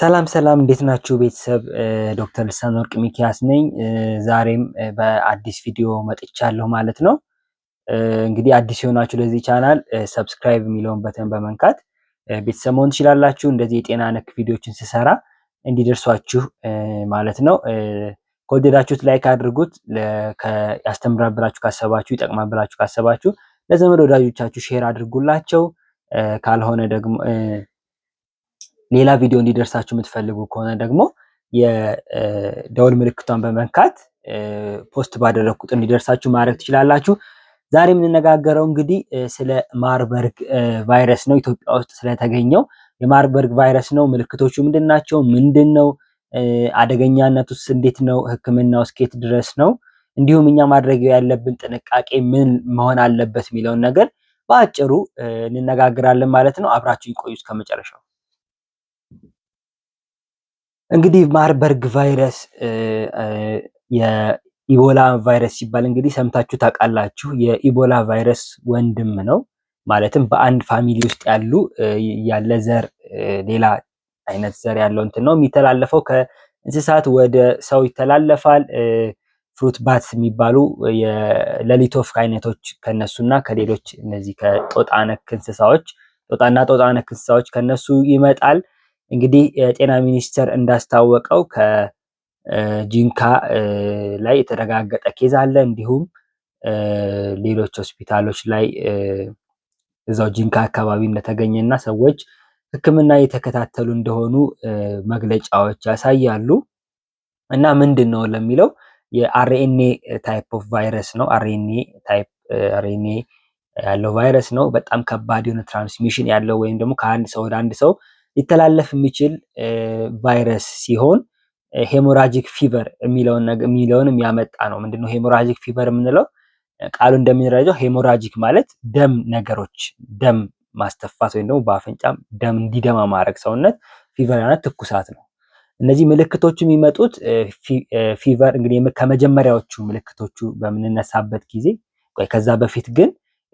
ሰላም ሰላም እንዴት ናችሁ ቤተሰብ? ዶክተር ልሳን ወርቅ ሚኪያስ ነኝ። ዛሬም በአዲስ ቪዲዮ መጥቻለሁ ማለት ነው። እንግዲህ አዲስ የሆናችሁ ለዚህ ቻናል ሰብስክራይብ የሚለውን በተን በመንካት ቤተሰብ መሆን ትችላላችሁ። እንደዚህ የጤና ነክ ቪዲዮችን ስሰራ እንዲደርሷችሁ ማለት ነው። ከወደዳችሁት ላይክ አድርጉት። ያስተምራል ብላችሁ ካሰባችሁ፣ ይጠቅማል ብላችሁ ካሰባችሁ ለዘመድ ወዳጆቻችሁ ሼር አድርጉላቸው። ካልሆነ ደግሞ ሌላ ቪዲዮ እንዲደርሳችሁ የምትፈልጉ ከሆነ ደግሞ የደወል ምልክቷን በመንካት ፖስት ባደረግ ቁጥር እንዲደርሳችሁ ማድረግ ትችላላችሁ። ዛሬ የምንነጋገረው እንግዲህ ስለ ማርበርግ ቫይረስ ነው። ኢትዮጵያ ውስጥ ስለተገኘው የማርበርግ ቫይረስ ነው። ምልክቶቹ ምንድን ናቸው? ምንድን ነው አደገኛነቱስ? እንዴት ነው ሕክምናው እስከየት ድረስ ነው? እንዲሁም እኛ ማድረግ ያለብን ጥንቃቄ ምን መሆን አለበት የሚለውን ነገር በአጭሩ እንነጋግራለን ማለት ነው። አብራችሁ ይቆዩ እስከ መጨረሻው። እንግዲህ ማርበርግ ቫይረስ የኢቦላ ቫይረስ ሲባል እንግዲህ ሰምታችሁ ታውቃላችሁ። የኢቦላ ቫይረስ ወንድም ነው። ማለትም በአንድ ፋሚሊ ውስጥ ያሉ ያለ ዘር ሌላ አይነት ዘር ያለው እንትን ነው የሚተላለፈው። ከእንስሳት ወደ ሰው ይተላለፋል። ፍሩት ባት የሚባሉ የሌሊት ወፍ አይነቶች ከነሱና ከሌሎች እነዚህ ከጦጣ ነክ እንስሳዎች ጦጣና ጦጣ ነክ እንስሳዎች ከነሱ ይመጣል። እንግዲህ የጤና ሚኒስቴር እንዳስታወቀው ከጂንካ ላይ የተረጋገጠ ኬዝ አለ። እንዲሁም ሌሎች ሆስፒታሎች ላይ እዛው ጂንካ አካባቢ እንደተገኘ እና ሰዎች ሕክምና እየተከታተሉ እንደሆኑ መግለጫዎች ያሳያሉ። እና ምንድን ነው ለሚለው የአርኤንኤ ታይፕ ኦፍ ቫይረስ ነው። አርኤንኤ ታይፕ አርኤንኤ ያለው ቫይረስ ነው። በጣም ከባድ የሆነ ትራንስሚሽን ያለው ወይም ደግሞ ከአንድ ሰው ወደ አንድ ሰው ሊተላለፍ የሚችል ቫይረስ ሲሆን ሄሞራጂክ ፊቨር የሚለውን የሚያመጣ ነው። ምንድነው ሄሞራጂክ ፊቨር የምንለው? ቃሉ እንደሚረዳው ሄሞራጂክ ማለት ደም ነገሮች ደም ማስተፋት ወይም ደግሞ በአፍንጫም ደም እንዲደማ ማድረግ ሰውነት ፊቨር ማለት ትኩሳት ነው። እነዚህ ምልክቶቹ የሚመጡት ፊቨር እንግዲህ ከመጀመሪያዎቹ ምልክቶቹ በምንነሳበት ጊዜ ከዛ በፊት ግን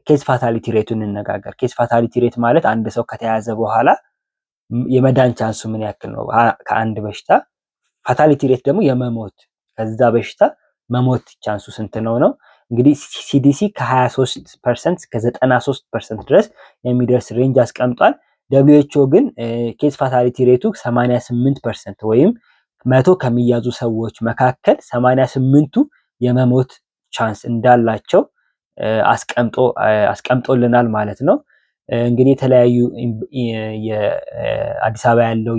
ኬስ ፋታሊቲ ሬቱ እንነጋገር። ኬስ ፋታሊቲ ሬት ማለት አንድ ሰው ከተያዘ በኋላ የመዳን ቻንሱ ምን ያክል ነው? ከአንድ በሽታ ፋታሊቲ ሬት ደግሞ የመሞት ከዛ በሽታ መሞት ቻንሱ ስንት ነው ነው እንግዲህ ሲዲሲ ከ23 ፐርሰንት እስከ 93 ፐርሰንት ድረስ የሚደርስ ሬንጅ አስቀምጧል። ደብሊው ግን ኬስ ፋታሊቲ ሬቱ 88 ፐርሰንት ወይም መቶ ከሚያዙ ሰዎች መካከል 88ቱ የመሞት ቻንስ እንዳላቸው አስቀምጦልናል ማለት ነው። እንግዲህ የተለያዩ አዲስ አበባ ያለው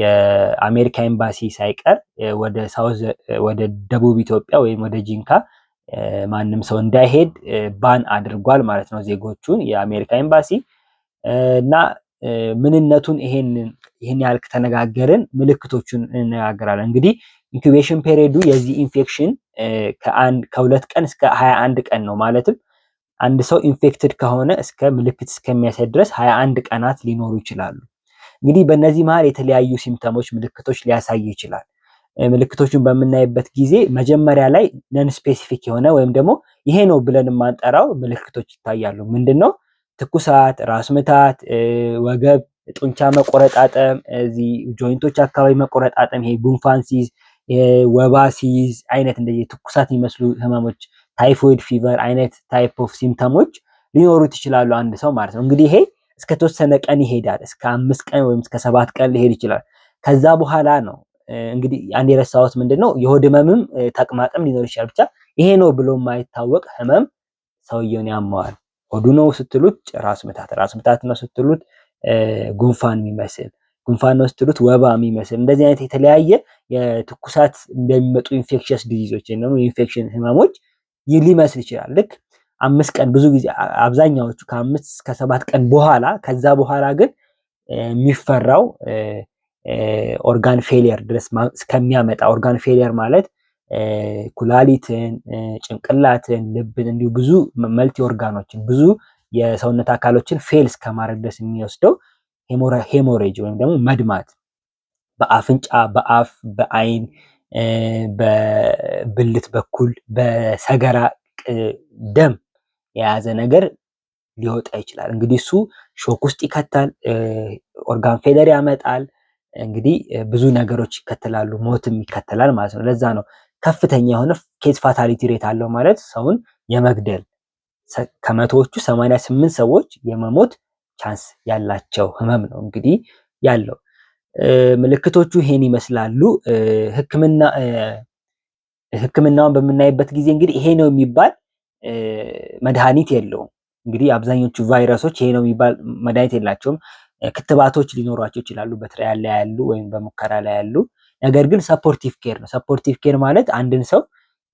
የአሜሪካ ኤምባሲ ሳይቀር ወደ ሳውዝ ወደ ደቡብ ኢትዮጵያ ወይም ወደ ጂንካ ማንም ሰው እንዳይሄድ ባን አድርጓል ማለት ነው ዜጎቹን የአሜሪካ ኤምባሲ እና ምንነቱን ይህን ያህል ከተነጋገርን ምልክቶቹን እንነጋገራለን። እንግዲህ ኢንኩቤሽን ፔሪዱ የዚህ ኢንፌክሽን ከሁለት ቀን እስከ ሀያ አንድ ቀን ነው ማለትም አንድ ሰው ኢንፌክትድ ከሆነ እስከ ምልክት እስከሚያሳይ ድረስ 21 ቀናት ሊኖሩ ይችላሉ። እንግዲህ በእነዚህ መሀል የተለያዩ ሲምፕተሞች ምልክቶች ሊያሳይ ይችላል። ምልክቶቹን በምናይበት ጊዜ መጀመሪያ ላይ ነን ስፔሲፊክ የሆነ ወይም ደግሞ ይሄ ነው ብለን የማንጠራው ምልክቶች ይታያሉ። ምንድን ነው? ትኩሳት፣ ራስ ምታት፣ ወገብ ጡንቻ መቆረጣጠም፣ እዚህ ጆይንቶች አካባቢ መቆረጣጠም፣ ይሄ ጉንፋን ሲይዝ፣ ወባ ሲይዝ አይነት እንደዚህ ትኩሳት የሚመስሉ ህመሞች ታይፎይድ ፊቨር አይነት ታይፕ ኦፍ ሲምተሞች ሊኖሩት ይችላሉ አንድ ሰው ማለት ነው። እንግዲህ ይሄ ተወሰነ ቀን ይሄዳል። እስከ አምስት ቀን ወይም እስከ ሰባት ቀን ሊሄድ ይችላል። ከዛ በኋላ ነው እንግዲህ አንድ የረሳሁት ምንድን ነው የሆድ ህመምም ተቅማጥም ሊኖር ይችላል። ብቻ ይሄ ነው ብሎ የማይታወቅ ህመም ሰውየውን ያመዋል። ሆዱ ነው ስትሉት ራስ ምታት፣ ራስ ምታት ነው ስትሉት ጉንፋን የሚመስል ጉንፋን ነው ስትሉት ወባ የሚመስል እንደዚህ አይነት የተለያየ የትኩሳት እንደሚመጡ ኢንፌክሽስ ዲዚዞች ወይም ደግሞ የኢንፌክሽን ህመሞች ሊመስል ይችላል። ልክ አምስት ቀን ብዙ ጊዜ አብዛኛዎቹ ከአምስት እስከ ሰባት ቀን በኋላ ከዛ በኋላ ግን የሚፈራው ኦርጋን ፌሊየር ድረስ እስከሚያመጣ ኦርጋን ፌሊየር ማለት ኩላሊትን፣ ጭንቅላትን፣ ልብን እንዲሁ ብዙ መልቲ ኦርጋኖችን ብዙ የሰውነት አካሎችን ፌል እስከማድረግ ድረስ የሚወስደው ሄሞሬጅ ወይም ደግሞ መድማት በአፍንጫ፣ በአፍ፣ በአይን በብልት በኩል በሰገራ ደም የያዘ ነገር ሊወጣ ይችላል። እንግዲህ እሱ ሾክ ውስጥ ይከታል፣ ኦርጋን ፌለር ያመጣል። እንግዲህ ብዙ ነገሮች ይከተላሉ፣ ሞትም ይከተላል ማለት ነው። ለዛ ነው ከፍተኛ የሆነ ኬዝ ፋታሊቲ ሬት አለው ማለት ሰውን የመግደል ከመቶዎቹ 8 ሰዎች የመሞት ቻንስ ያላቸው ህመም ነው እንግዲህ ያለው። ምልክቶቹ ይሄን ይመስላሉ። ህክምና ህክምናውን በምናይበት ጊዜ እንግዲህ ይሄ ነው የሚባል መድኃኒት የለውም። እንግዲህ አብዛኞቹ ቫይረሶች ይሄ ነው የሚባል መድኃኒት የላቸውም። ክትባቶች ሊኖሯቸው ይችላሉ፣ በትራያል ላይ ያሉ ወይም በሙከራ ላይ ያሉ። ነገር ግን ሰፖርቲቭ ኬር ነው። ሰፖርቲቭ ኬር ማለት አንድን ሰው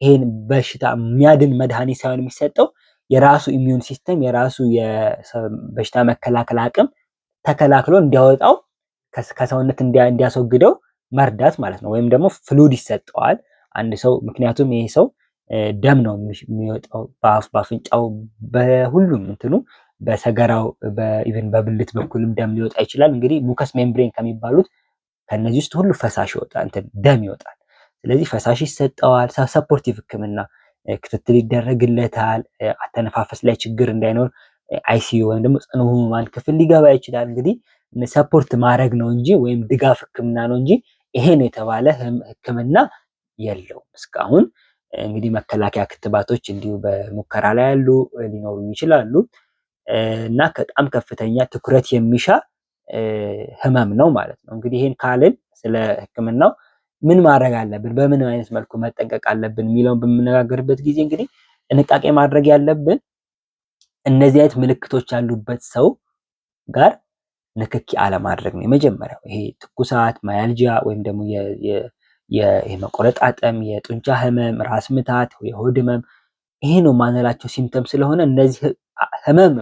ይሄን በሽታ የሚያድን መድኃኒት ሳይሆን የሚሰጠው የራሱ ኢሚዩን ሲስተም የራሱ የበሽታ መከላከል አቅም ተከላክሎ እንዲያወጣው ከሰውነት እንዲያስወግደው መርዳት ማለት ነው። ወይም ደግሞ ፍሉድ ይሰጠዋል አንድ ሰው ምክንያቱም ይሄ ሰው ደም ነው የሚወጣው በአፍ በአፍንጫው በሁሉም እንትኑ በሰገራው በኢቨን በብልት በኩልም ደም ሊወጣ ይችላል። እንግዲህ ሙከስ ሜምብሬን ከሚባሉት ከነዚህ ውስጥ ሁሉ ፈሳሽ ይወጣል፣ እንትን ደም ይወጣል። ስለዚህ ፈሳሽ ይሰጠዋል። ሰፖርቲቭ ሕክምና ክትትል ይደረግለታል። አተነፋፈስ ላይ ችግር እንዳይኖር አይሲዩ ወይም ደግሞ ጽኑ ህሙማን ክፍል ሊገባ ይችላል እንግዲህ ሰፖርት ማድረግ ነው እንጂ ወይም ድጋፍ ህክምና ነው እንጂ ይሄን የተባለ ህክምና የለውም እስካሁን። እንግዲህ መከላከያ ክትባቶች እንዲሁ በሙከራ ላይ ያሉ ሊኖሩ ይችላሉ እና በጣም ከፍተኛ ትኩረት የሚሻ ህመም ነው ማለት ነው። እንግዲህ ይህን ካልን ስለ ህክምናው ምን ማድረግ አለብን፣ በምን አይነት መልኩ መጠንቀቅ አለብን የሚለውን በምነጋገርበት ጊዜ እንግዲህ ጥንቃቄ ማድረግ ያለብን እነዚህ አይነት ምልክቶች ያሉበት ሰው ጋር ንክኪ አለማድረግ ነው የመጀመሪያው። ይሄ ትኩሳት፣ ማያልጃ ወይም ደግሞ የመቆረጣጠም፣ የጡንቻ ህመም፣ ራስ ምታት፣ የሆድ ህመም ይሄ ነው ማንላቸው ሲምተም ስለሆነ እነዚህ ህመም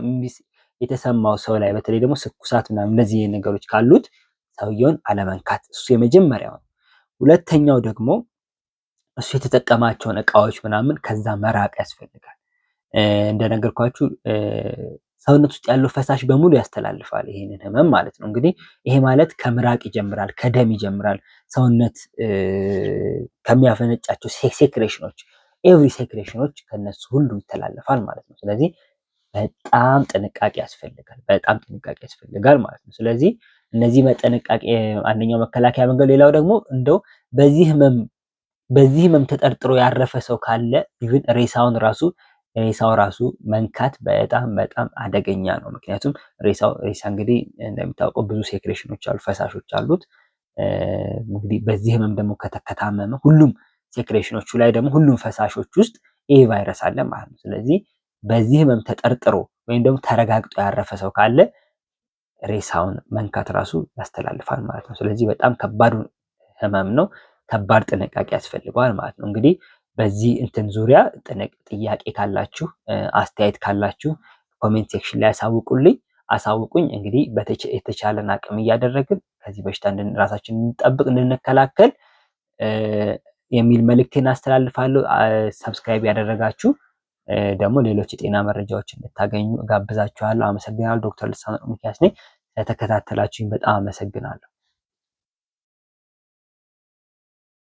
የተሰማው ሰው ላይ በተለይ ደግሞ ስኩሳት ምናምን እነዚህ ነገሮች ካሉት ሰውየውን አለመንካት እሱ የመጀመሪያው ነው። ሁለተኛው ደግሞ እሱ የተጠቀማቸውን እቃዎች ምናምን ከዛ መራቅ ያስፈልጋል እንደነገርኳችሁ ሰውነት ውስጥ ያለው ፈሳሽ በሙሉ ያስተላልፋል ይሄንን ህመም ማለት ነው። እንግዲህ ይሄ ማለት ከምራቅ ይጀምራል፣ ከደም ይጀምራል። ሰውነት ከሚያፈነጫቸው ሴክሬሽኖች ኤቭሪ ሴክሬሽኖች ከነሱ ሁሉ ይተላለፋል ማለት ነው። ስለዚህ በጣም ጥንቃቄ ያስፈልጋል። በጣም ጥንቃቄ ያስፈልጋል ማለት ነው። ስለዚህ እነዚህ መጠንቃቄ አንደኛው መከላከያ መንገድ፣ ሌላው ደግሞ እንደው በዚህ ህመም በዚህ ህመም ተጠርጥሮ ያረፈ ሰው ካለ ይህን ሬሳውን ራሱ ሬሳው ራሱ መንካት በጣም በጣም አደገኛ ነው። ምክንያቱም ሬሳው ሬሳ እንግዲህ እንደሚታወቀው ብዙ ሴክሬሽኖች አሉ፣ ፈሳሾች አሉት። እንግዲህ በዚህ ህመም ደግሞ ከተከታመመ ሁሉም ሴክሬሽኖቹ ላይ ደግሞ ሁሉም ፈሳሾች ውስጥ ይህ ቫይረስ አለ ማለት ነው። ስለዚህ በዚህ ህመም ተጠርጥሮ ወይም ደግሞ ተረጋግጦ ያረፈ ሰው ካለ ሬሳውን መንካት ራሱ ያስተላልፋል ማለት ነው። ስለዚህ በጣም ከባዱ ህመም ነው። ከባድ ጥንቃቄ ያስፈልገዋል ማለት ነው እንግዲህ በዚህ እንትን ዙሪያ ጥያቄ ካላችሁ አስተያየት ካላችሁ ኮሜንት ሴክሽን ላይ አሳውቁልኝ አሳውቁኝ። እንግዲህ የተቻለን አቅም እያደረግን ከዚህ በሽታ ራሳችን እንጠብቅ እንድንከላከል የሚል መልእክቴን አስተላልፋለሁ። ሰብስክራይብ ያደረጋችሁ ደግሞ ሌሎች የጤና መረጃዎች እንድታገኙ ጋብዛችኋለሁ። አመሰግናለሁ። ዶክተር ልሳን ሚኪያስ ነኝ። ለተከታተላችሁኝ በጣም አመሰግናለሁ።